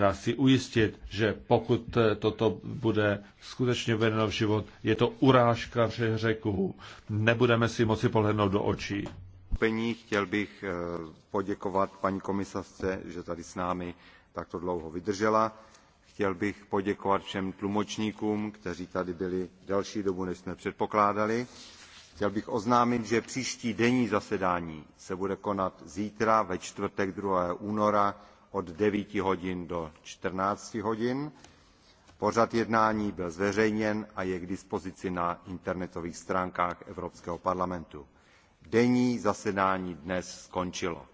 vás eh, si ujistit, že pokud eh, toto bude skutečně vedeno v život, je to urážka všech řeků. Nebudeme si moci pohlednout do očí. Chtěl bych eh, poděkovat paní komisařce, že tady s námi takto dlouho vydržela. Chtěl bych poděkovat všem tlumočníkům, kteří tady byli delší dobu, než jsme předpokládali. Chtěl bych oznámit, že příští denní zasedání se bude konat zítra ve čtvrtek 2. února od devíti hodin do čtrnácti hodin. Pořad jednání byl zveřejněn a je k dispozici na internetových stránkách Evropského parlamentu. Denní zasedání dnes skončilo.